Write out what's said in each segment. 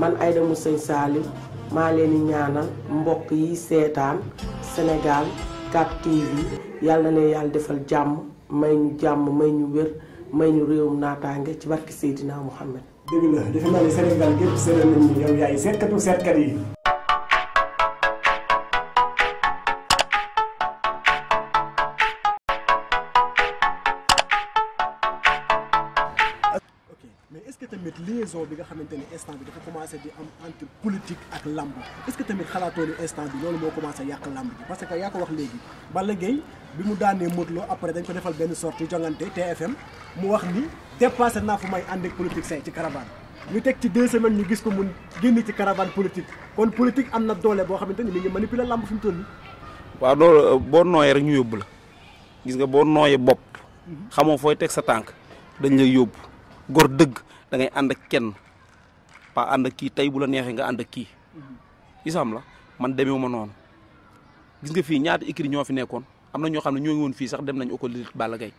man Aïda Moussa Salim maa leen di ñaanal mbokk yi seetaan Sénégal 4 TV yàlla na yàlla defal jàmm may ñu jàmm may ñu wér may ñu réewum naataange ci barki Seydina Mouhamed. dëgg la defe naa ne Sénégal gépp seetal nañu yow yaay seetkatu seetkat yi. tamit liaison bi nga xamante ni instant bi dafa commencé di am entre politique ak lamb est ce que tamit xalaatoo ni instant bi loolu moo commencé yàq lamb bi parce que yaa ko wax léegi Balla Gaye bi mu daanee Modou Lo après dañ ko defal benn sortie jongante TFM mu wax ni dépassé naa fu may ànd ak politique say ci caravane ñu teg ci deux semaines ñu gis ko mun génn ci caravane politique kon politique am na doole boo xamante ni mi ngi manipuler lamb fi mu toll nii. waaw loolu euh, boo nooyee rek ñu yóbbu la gis nga boo nooyee bopp mhm. xamoo fooy teg sa tànk dañ lay yóbbu. gor dëgg da ngay ànd ak kenn paa ànd ak kii tey bu la neexee nga ànd ak kii isam la man demewu ma noonu gis nga fii ñaata écrit ñoo fi nekkoon am na ñoo xam ne ñoo ngi woon fii sax dem nañ école lutte Balla Gaye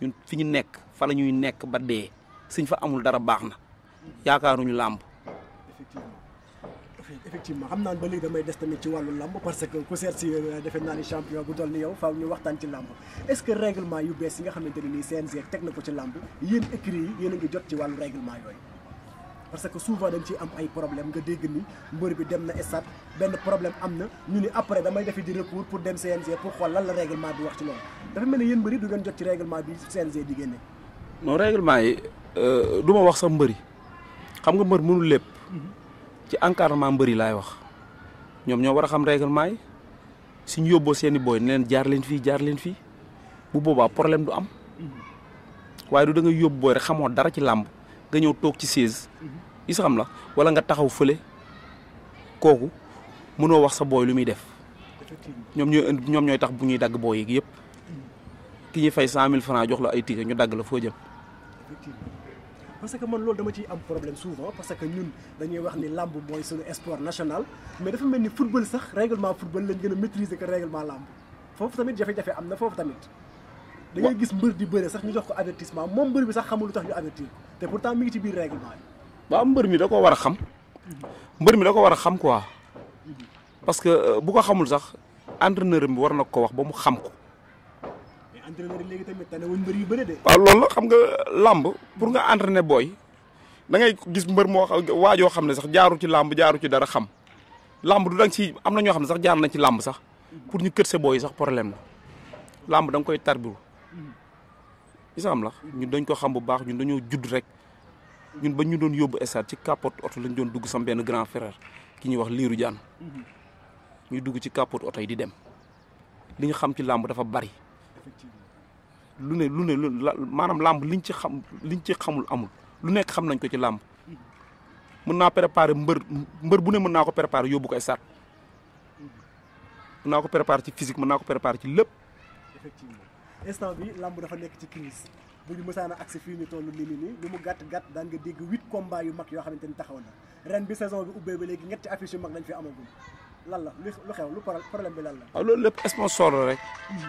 ñun fi ñu nekk fa la ñuy nekk ba dee suñ fa amul dara baax na yaakaaruñu làmb effectivement xam naan ba léegi damay des tamit ci wàllu làmb parce que ku seet si euh, defe naa ni champion bu toll ni yow faaw ñu waxtaan ci làmb est-ce que règlement yu bees yi nga xamante ne nii CNG teg na ko ci làmb yéen écrit yi yéen a ngi jot ci wàllu règlement yooyu parce que souvent dañ ciy am ay problème nga dégg ni mbër bi dem na stade benn problème am na ñu ni après damay defi di recours pour dem CNG pour xool lan la règlement bi wax ci loolu dafa mel ne yéen mbëri du ngeen jot ci règlement bi CNG di génne non euh, du ma wax sax mbëri xam nga mbër mënul lépp mhm. ci encarnement mbeuri lay wax ñom ñoo wara xam règlement yi suñ yobbo seen boy ne len jaar len fi jaar len fi bu boba problème du am waye du da nga yobbo rek xamoo dara ci lamb nga ñew tok ci siège is xam la wala nga taxaw fële koku mëno wax sa boy lu muy def ñom ñoy ñom ñoy tax bu ñuy dag boy yi yépp ki ñi fay 100000 francs jox la ay ticket ñu dag la fo jëm parce que man loolu dama ciy am problème souvent parce que ñun dañuy wax ni làmb mooy suñu sport national mais dafa mel ni football sax règlement football lañ gën a maîtriser que règlement làmb foofu tamit jafe-jafe am na foofu tamit da gis mbër di bëre sax ñu jox ko avertissement moom mbër bi sax xamul lu tax ñu avertir te pourtant mi ngi ci biir règlement bi waaw mbër mi da ko war a xam mbër mi da ko war a xam quoi parce que euh, bu ko xamul sax entraîneur bi war na ko wax ba mu xam ko entraîneur légui tamit tane won mbeur la xam nga lamb pour nga entraîner boy da ngay gis mbeur mo waajo xamne sax jaaru ci lamb jaaru ci dara xam lamb du dang ci amna ño xamne sax jaar nañ ci lamb sax pour ñu kërse boy sax problème lamb dang koy tarbiru isam la ñun dañ ko xam bu baax ñun dañoo judd rek ñun ba ñu doon ci capote auto lañ doon dugg sam grand frère ki ñuy wax liiru jaan mhm. ñuy dugg ci capote auto yi di dem xam ci lamb dafa bari lu ne lu ne lu maanaam làmb liñ ci xam liñ ci xamul amul lu nekk xam nañ ko ci làmb mën naa préparer mbër mbër bu ne mën naa ko préparer yóbbu ko stade mën ko préparer ci physique mën naa ko préparer ci lépp. effectivement instant bi làmb dafa nekk ci crise bu ñu fii ñu toll nii lu mu gàtt gàtt daan nga dégg huit yu mag yoo xamante ni taxaw na ren bi saison bi ubbee ba léegi ñetti affiche yu mag lañ fi amagum lan la lu xew lu problème bi lan la. waaw loolu lépp sponsor la rek. Hmm.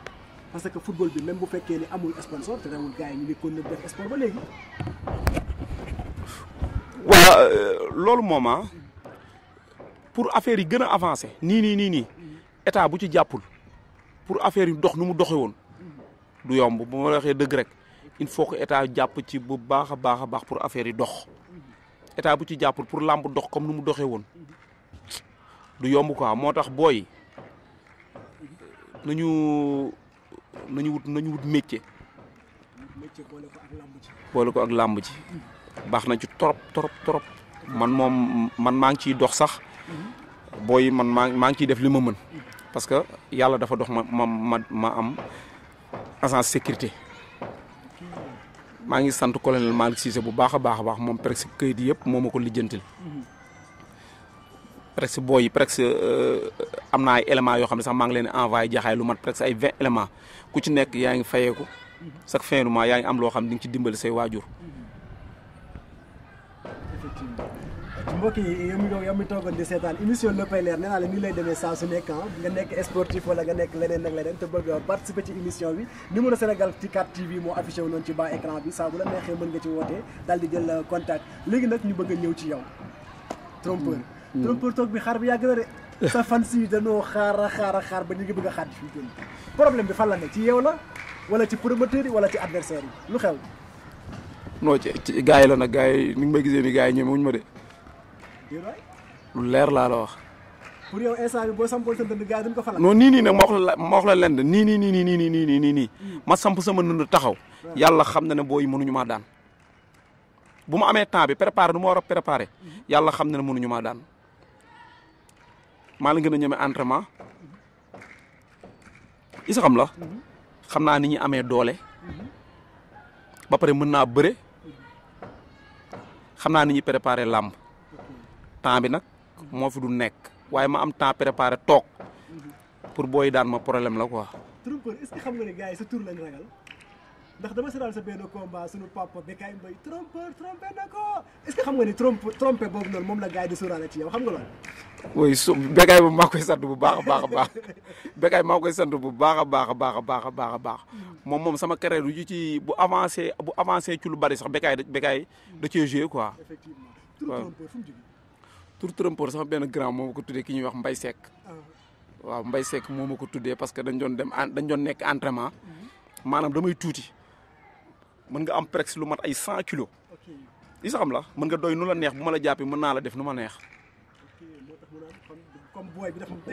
parce que football bi même bu fekkee ni amul sponsor té rawul gaay yi ñu nekkoon na def sport ba légui voilà euh, loolu moment ah, pour affaire yi gëna avancer ni ni ni ni état bu ci jappul pour affaire yi dox nu mu doxee woon du yomb bu ma waxé deug rek il faut que état japp ci bu baaxa baaxa baax pour affaire yi dox état bu ci jappul pour lamb dox comme nu mu doxee woon du yomb quoi motax boy booy nañu. nañu wut nañu wut métier. métier boole ko ak làmb ji. baax na ci trop trop trop. man moom man maa ngi ciy dox sax. booy man maa maa ngi ciy def li ma mën. parce que yàlla dafa dox ma ma ma ma am agence sécurité. maa ngi sant colonel Malick Cissé bu baax a baax a baax moom presque këyit yëpp moo ma ko lijjantil. presque boy presque euh amna ay élément yo xamné sax ma ngi leen envoyer jaxay lu mat presque ay 20 élément ku ci nek yaa ngi fayeeku chaque fin du mois yaa ngi am lo xamné ci dimbali say wajur yow di émission la lay su ah, nga sportif wala nga te bëgg a participer ci émission bi numéro Sénégal ci 4 TV moo affiché wu ci bas écran bi bu la mën nga ci di jël contact ñu Mm. trompeur toog bi xaar bi yàgg na de sa fan sii danoo xaar a xaar ba ñu ngi bëgg a xaar fii tén problème bi fan la ci yow la wala ci promoteur yi wala ci adversaire yi lu xew non ci ci gars yi la nag gars yi ni nga may gisee ni yi ñemewuñu ma de lu leer laa la wax pour yow instant bi boo sampol sa ndënd gars dañ ko falal non nii nii nag ma la ma wax la lenn nii nii nii nii nii nii nii nii nii mm. ma samp sama ndënd taxaw yàlla xam na ne booy mënuñu maa daan bu ma amee temps bi préparé nu ma war a mm-hmm. yàlla xam na ne mënuñu maa daan maa la gën a ñeme entraînement isa xam la xam naa ni ñuy amee doole ba pare mën naa bëre xam naa ni ñuy préparer làmb temps bi nag moo fi du nekk waaye ma am temps préparer toog pour booy daan ma problème la ko trompeur est-ce sa tur lañ ragal. ndax dama seetaan sa benn combat suñu papa Bécaye Mbaye trompeur trompé na ko est-ce que xam nga ni trompe trompé boobu noonu moom la gars yi di sóoraale ci yow xam nga loolu. oui su Bécaye moom maa koy sant bu baax a baax a baax Bécaye maa koy sant bu baax a baax a baax a baax a baax a baax moom moom sama carrière yu ci bu avancé bu avancé ci lu bari sax Bécaye Bécaye da cee joué quoi. effectivement tur trompeur fu mu jógee. tur trompeur sama benn grand moom ko tuddee ki ñuy wax Mbaye Seck. Ah. waaw Mbaye Seck moo ma ko tuddee parce que dañ doon dem dañ doon nekk entraînement mhm. maanaam damay tuuti. mën nga am presque lu mat ay cent kilos li am la mën nga doy nu la neex bu ma la jàppee mën naa la def nu ma neex.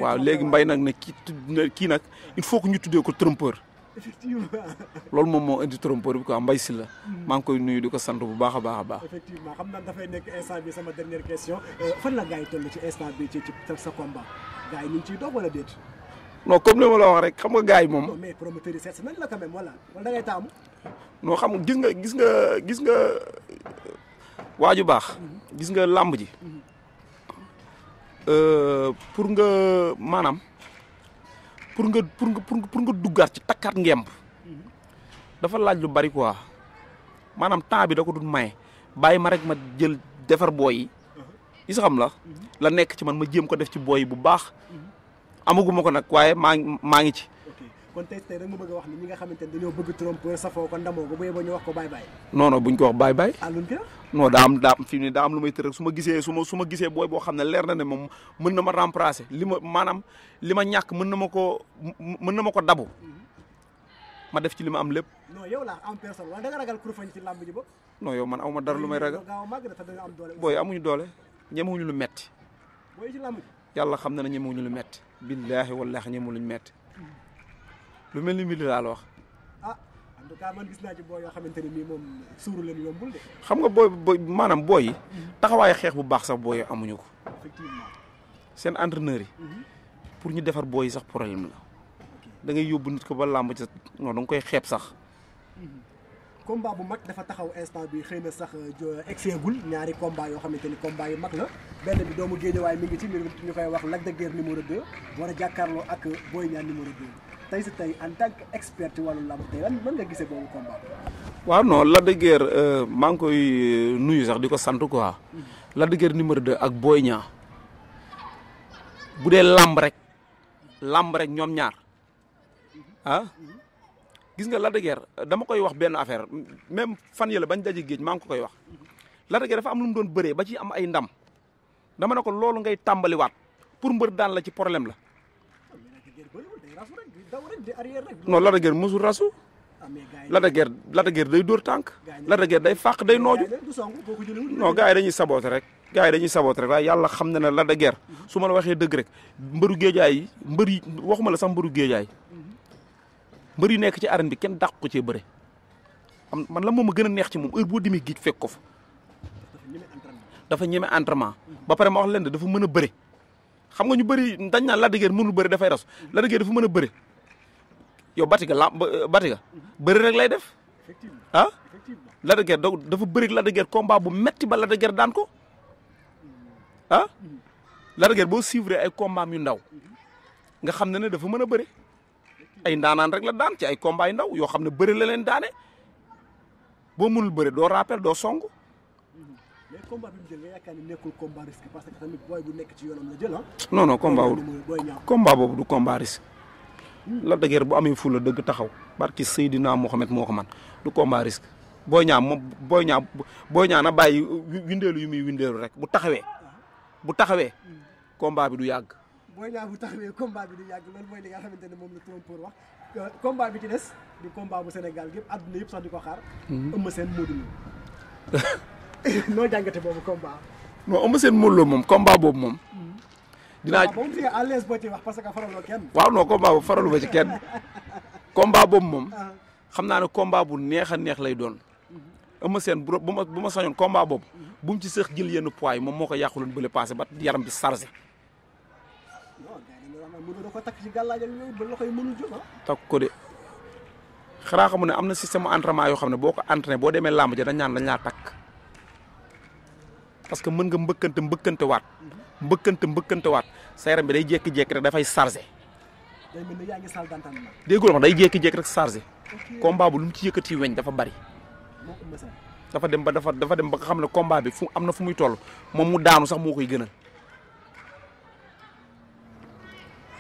waaw léegi mbay nag ne kii kii nag il faut que ñu tuddee ko trompeur. loolu moom moo indi bu bi am mbay si la. Hmm. maa ngi koy nuyu di ko sant bu baax a baax a baax. effectivement xam naa dafay nekk instant bi sama dernière question euh, fan la gars yi ci instant bi ci sa combat gars yi ñu ngi ciy doog wala déet. non comme li ma la wax rek xam nga gars yi moom. mais promoteur yi seet si nañ la quand même wala wala da ngay xam nga gis nga gis nga gis nga waaju baax. gis nga làmb ji. Euh, pour nga maanaam pour nga pour nga pour nga duggaat ci takkaat ngemb. dafa laaj lu bari quoi maanaam temps bi da ko dul maye bàyyi ma rek ma jël defar booy yi. Uh-huh. is xam la. Uh-huh. la nekk ci man ma jéem ko def ci booy yi bu baax. Uh-huh. amaguma ko nag waaye maa ngi maa ngi ci. kon tey tey rek wax ni ñi nga xamante ne dañoo bëgg trompeur safoo ko ndamoo ko bu yeboo ñu wax ko bàyyi bàyyi. non non buñ ko wax bàyyi bàyyi. ah lu su ma gisee su su ma gisee booy boo xam ne leer na ne moom mën na ma remplacer li ma maanaam li ma ñàkk mën na ma ko mën na ma ko dabu. Mm-hmm. ma def ci li ma am lépp. noo yow la en personne wala da nga ragal kurfañ ci làmb ji ba. non yow man aw ma dara lu may ragal. booy amuñu doole ñemewuñu lu metti booy ci làmb ji yàlla xam na ne ñu lu metti billaahi wallaahi ñemewu luñ metti lu mel ni mbir laa la wax. ah en tout cas man gis naa ci yoo xamante ni moom suuru leen yombul de. xam nga booy booy maanaam booy yi. taxawaayu xeex bu baax sax booy amuñu ko. seen entraîneur yi. Mhm. pour ñu defar booy yi sax problème la. da ngay yóbbu nit ko ba làmb ci non da koy xeeb sax. Mhm. combat bu mag dafa taxaw instant bi xeyna sax euh, exegul ñaari combat yo xamanteni combat yu mag la benn bi doomu way mi ngi ci mi ñu koy wax Lac de guerre numéro 2 wara jakarlo ak Boy ñaan numéro 2 tay ci tay en tant que expert ci wàllu lamb tay lan lan nga gisee boobu combat wa non Lac de euh ma ngi koy euh, nuyu sax diko ko sant quoi mm-hmm. Lac de guerre numéro 2 ak Boy ñaan budé lamb rek lamb rek ñom ñaar ah mm-hmm. gis nga Lac de Guiers euh, dama koy wax benn affaire même fan yële bañ daje géej maa ngi ko koy wax Lac de dafa am lu mu doon bëree ba ci am ay ndam dama ne ko loolu ngay tàmbaliwaat pour mbër daan la ci problème la. non Lac ger Guiers mosul rasu. Lac de Guiers Lac day dóor tànk. Lac ger day fàq day nooju. non gars yi dañuy saboote rek. gars yi dañuy saboote rek waaye yàlla xam na ne Lac de Guiers su ma la waxee dëgg rek mbëru géejaay yi waxuma la sax mbëru géejaay mbër yu nekk ci arène bi kenn dàq ko cee bëre am man la moom a gën a neex ci moom heure boo demee géej fekk ko fa dafa ñeme entraînement ba pare ma wax dafa mën a bëre xam nga ñu bëri dañ naan Lac de Guiers mënul bëre dafay rasu Lac de dafa mën a bëre yow Batiga la euh, Batiga bëri rek lay def ah Lac de dafa bëri Lac de Guiers bu metti ba Lac de daan ko ah mm-hmm. Lac boo suivre ay combat yu ndaw nga xam ne ne dafa mën a bëre ay ndaanaan rek la daan ci ay combat yu ndaw yoo xam ne bëri la leen daane boo mënul bëri doo rappel doo song. mais combat bi jël nga yaakaar combat parce que tamit bu nekk ci yoonam la jël ah. non non combat ah? boobu du combat risque. la dëgër bu amee la dëgg taxaw barki Seydina Mohamed moo ko man du combat risque booy ñaa moom booy ñaa booy ñaa na bàyyi windeelu yu muy windeelu rek bu taxawee bu taxawee mm. combat bi du yàgg. Boy Niang bu taxawee combat bi du yàgg loolu mooy li nga xamante ne moom la trompeur euh, bi ci des di combat bu Sénégal gépp àdduna yëpp sax di ko xaar. Mhm. Eumeu Sène Modou jàngate boobu combat. non Eumeu Sène Modou moom combat boobu moom. Mhm. dinaa waaw moom à l'aise boo ci parce que faraloo kenn. waaw non combat boobu faralu ba ci kenn. combat boobu moom. Ah. xam naa ne combat bu neex a neex lay doon. Mhm. Eumeu Sène bu ma bu ma sañoon combat boobu. bu mu ci sëx jël yenn poids yi moom moo ko yàquloon bële passé ba yaram bi chargé. mënu da ko takk ci gàllaaj ak yooyu ba loxo yi mënul jóg ah. takk ko de xanaa xamu ne am na système entraînement yoo xam ne boo ko entraîné boo demee làmb ja dañ ñaan dañ laa takk parce que mën nga mbëkkante mbëkkante waat mbëkkante mbëkkante waat sa yaram bi day jékki-jékki rek dafay chargé day mel ni yaa ngi salle day jékki-jékki rek chargé combat bu lu mu ci yëkkati weñ dafa bari dafa dem ba dafa dafa dem ba xam ne combat bi fu am na fu muy toll moom mu daanu sax moo koy gënal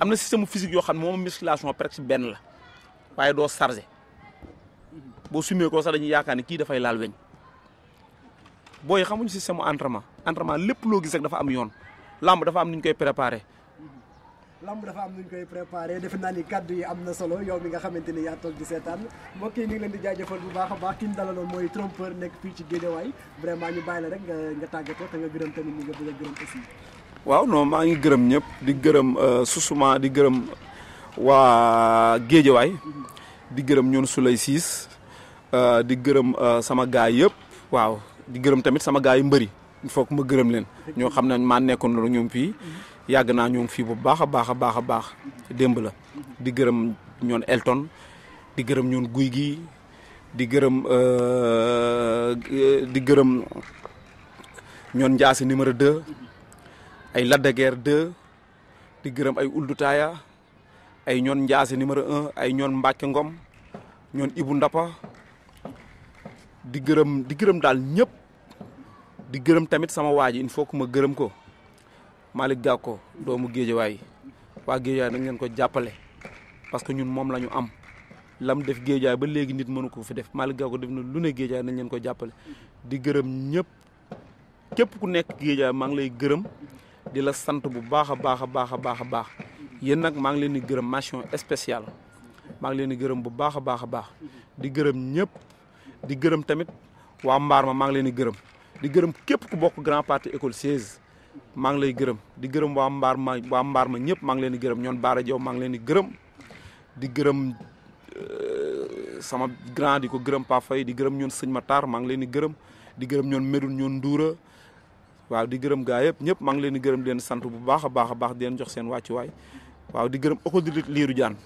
am na système physique yoo xam ne moom musculation presque benn la waaye doo chargé boo sumee koo sax dañuy yaakaar ne kii dafay laal weñ booy xamuñ système entraînement entraînement lépp loo gis rek dafa am yoon làmb dafa am nuñ ñu koy préparé. lamb dafa am nuñ koy préparé defe naa ni kàddu yi am na solo yow mi nga xamante ni yaa toog di seetaan moo yi ñu leen di jaajëfal bu baax a baax ki ñu mooy trompeur nekk fii ci Guédiawaye vraiment ñu bàyyi la rek nga nga tàggatoo te nga gërëm tamit ñi nga bëgg a waaw non maa ngi gërëm ñëpp di gërëm euh, susuma di gërëm waa géejawaay di gërëm ñun sulay siis euh, di gërëm euh, sama gaay yëpp waaw di gërëm tamit sama gaay mbëri il faut que ma gërëm leen ñoo xam ne maa nekkoon loolu ñoom fii yàgg naa ñoom fii bu baax a baax a baax a baax démb la di gërëm ñoon elton di gërëm ñoon guy gi di gërëm di gërëm ñoon njaasi numéro 2 ay Lac de Guiers di gërëm ay Ould ay ñoon Ndiassé numéro un ay ñoon Mbacke Ngom ñoon ibu Ndapa di gërëm di gërëm daal ñëpp di gërëm tamit sama waa ji il faut que ma gërëm ko Malick Gakko doomu Géejawaay waa Géejawaay na ngeen ko jàppale parce que ñun moom la ñu am lam def Géejawaay ba léegi nit mënu ko fi def Malick Gakko def na lu ne Géejawaay nañ leen ko jàppale di gërëm ñëpp képp ku nekk Géejawaay maa ngi lay gërëm di la sant bu baax a baax a baax yeen nak ma ngi leen di gëreum mention spéciale ma ngi leen di gëreum bu baax a baax di gëreum ñepp di gëreum tamit wa mbar ma ma ngi leen di gëreum di gëreum képp ku bokk grand parti école 16 ma ngi lay gëreum di gëreum wa mbar ma wa mbar ma ñepp ma ngi leen di gëreum ñoon Baara jow ma ngi leen di gëreum di gëreum sama grand di ko gëreum Pa Fay di gërëm ñoon Sëñ Matar ma ngi leen di gëreum di gëreum ñoon medul ñoon ndoura waaw di gërëm gaa yëpp ñëpp maa ngi leen di gërëm di leen sant bu baax a baax a baax di leen jox seen wàccuwaay waaw di gërëm école de lutte liiru jaan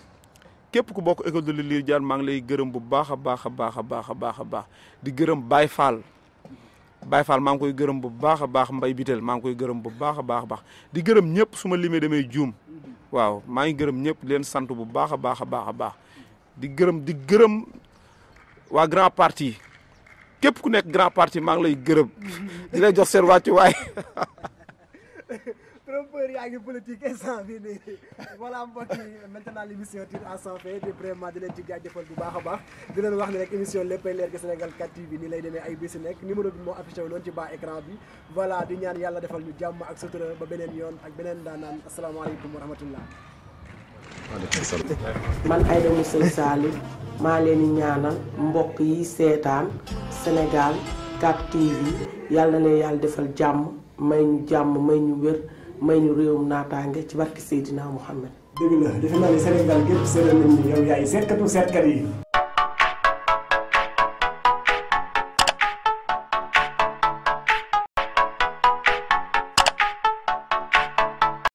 képp ku bokk école de lutte liiru jaan maa ngi lay gërëm bu baax a baax a baax a baax a baax a baax di gërëm Baye Fall Baye Fall maa ngi koy gërëm bu baax a baax Mbaye Bitel maa ngi koy gërëm bu baax a baax a baax di gërëm ñëpp su ma limee damay juum waaw maa ngi gërëm ñëpp digerem leen sant bu baax a baax a baax a baax di gërëm di gërëm waa grand parti képp ku nekk grand parti maa ngi lay gërëm di lay jox seen wàccuwaay. trompeur yaa ngi politique instant bi nii voilà mbokk yi maintenant l' émission tire à sa fin di vraiment di leen ci jaajëfal bu baax a baax di leen wax ne rek émission léppay leer gi Sénégal 4 TV nii lay demee ay bés nekk numéro bi moo affiché wu noonu ci bas écran bi voilà di ñaan yàlla defal ñu jàmm ak sutura ba beneen yoon ak beneen daanaan asalaamaaleykum wa rahmatullah waaleykum maa leen di ñaanal yi seetaan Sénégal 4 TV yàlla na yàlla defal jàmm may ñu jàmm may ñu wér may ñu réewum naataange ci barki Seydina Mouhamed. dëgg la defe naa ne Sénégal gépp seetlu nañu yow yaay seetkatu seetkat yi.